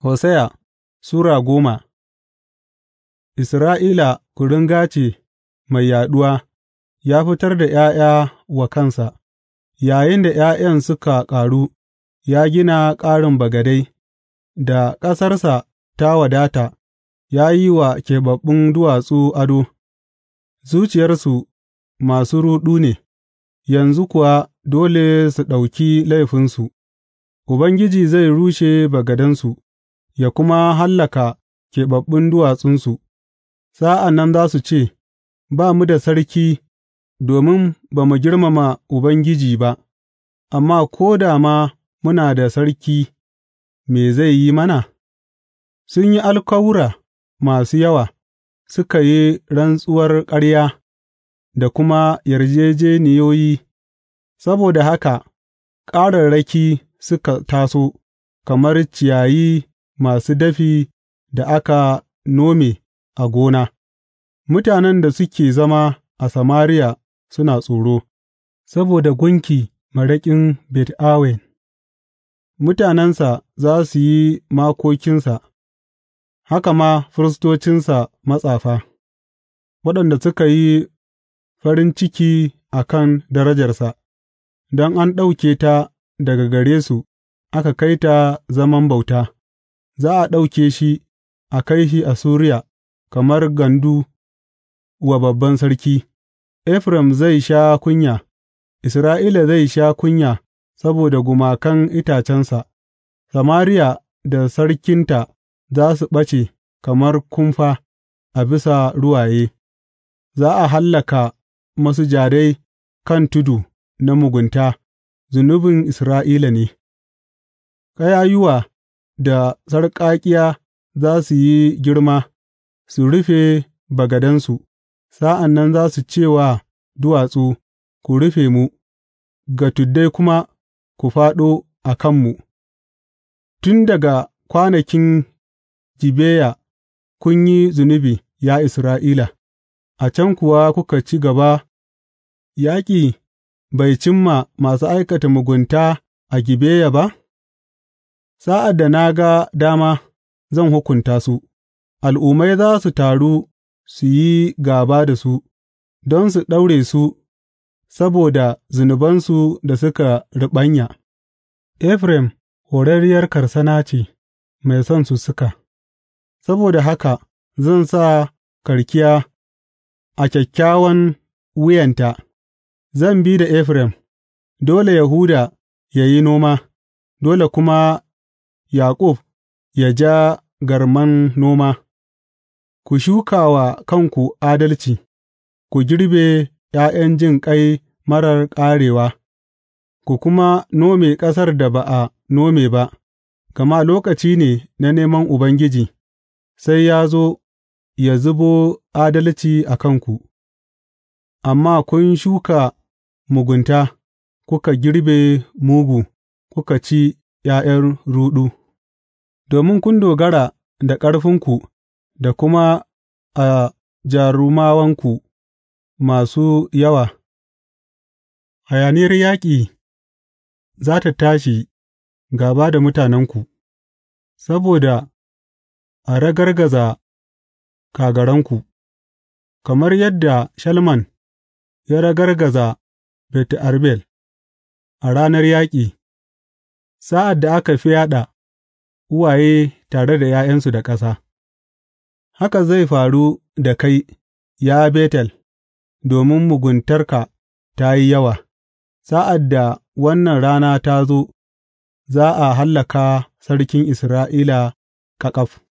Hosiya Sura goma Isra'ila kuringa ce mai yaɗuwa, ya fitar da ’ya'ya wa kansa; yayinda ’ya'yan suka ƙaru, ya gina ƙarin bagadai, da ƙasarsa ta wadata, ya yi wa keɓaɓɓun duwatsu ado, zuciyarsu masu ruɗu ne, yanzu kuwa dole su ɗauki laifinsu, Ubangiji zai rushe bagadansu. ya kuma hallaka keɓaɓɓun duwatsunsu, sa'an nan za su ce, Ba mu da sarki domin ba mu girmama Ubangiji ba, amma ko da ma muna da sarki, me zai yi mana? Sun yi alkawura masu yawa, suka yi rantsuwar ƙarya da kuma yarjejeniyoyi, saboda haka ƙararraki suka taso kamar ciyayi masu dafi da aka nome a gona, mutanen da suke zama a Samariya suna tsoro, saboda gunki maraƙin Bet Awen, mutanensa za su yi makokinsa, haka ma firistocinsa matsafa, waɗanda suka yi farin ciki a kan darajarsa, don an ɗauke ta daga gare su aka kai ta zaman bauta. za a ɗauke shi a kai shi Assuriya kamar gandu wa babban sarki, Efraim zai sha kunya, Isra'ila zai sha kunya saboda gumakan itacensa, Samariya da sarkinta za su ɓace kamar kumfa a bisa ruwaye, za a hallaka masu jarai kan tudu na mugunta, zunubin Isra'ila ne. ƙayayuwa da sarƙaƙiya za su yi girma, su rufe bagadansu, sa'an nan za su ce wa duwatsu, Ku rufe mu, ga tuddai kuma, Ku fāɗo a kanmu, tun daga kwanakin Gibeya kun yi zunubi, ya Isra'ila, a can kuwa kuka ci gaba, yaƙi bai cimma masu aikata mugunta a Gibeya ba? Sa'ad da na ga dama, zan hukunta su; al'ummai za su taru su yi gaba da su don su ɗaure su saboda zunubansu da suka riɓanya Efraim horarriyar karsana ce mai son su suka. saboda haka zan sa karkiya a kyakkyawan wuyanta, zan bi da Efraim; dole Yahuda ya yi noma, dole kuma Yaƙub ya ja garman noma, ku shuka wa kanku adalci, ku girbe ’ya'yan jinƙai marar ƙarewa, ku kuma nome ƙasar da ba a nome ba, gama lokaci ne na neman Ubangiji, sai ya zo ya zubo adalci a kanku, amma kun shuka mugunta, kuka girbe mugu, kuka ci ’ya'yan ruɗu, domin kun dogara da ƙarfinku da kuma a jarumawanku masu yawa, hayaniyar yaƙi za tă tashi gaba da mutanenku, saboda a ragargaza kagaranku, kamar yadda Shalman ya ragargaza Bet Arbel a ranar yaƙi. sa'ad da aka fyaɗa uwaye tare da ’ya'yansu da ƙasa Haka zai faru da kai, ya Betel, domin muguntarka ta yi yawa; sa'ad da wannan rana ta zo, za a hallaka sarkin Isra'ila ƙaƙaf.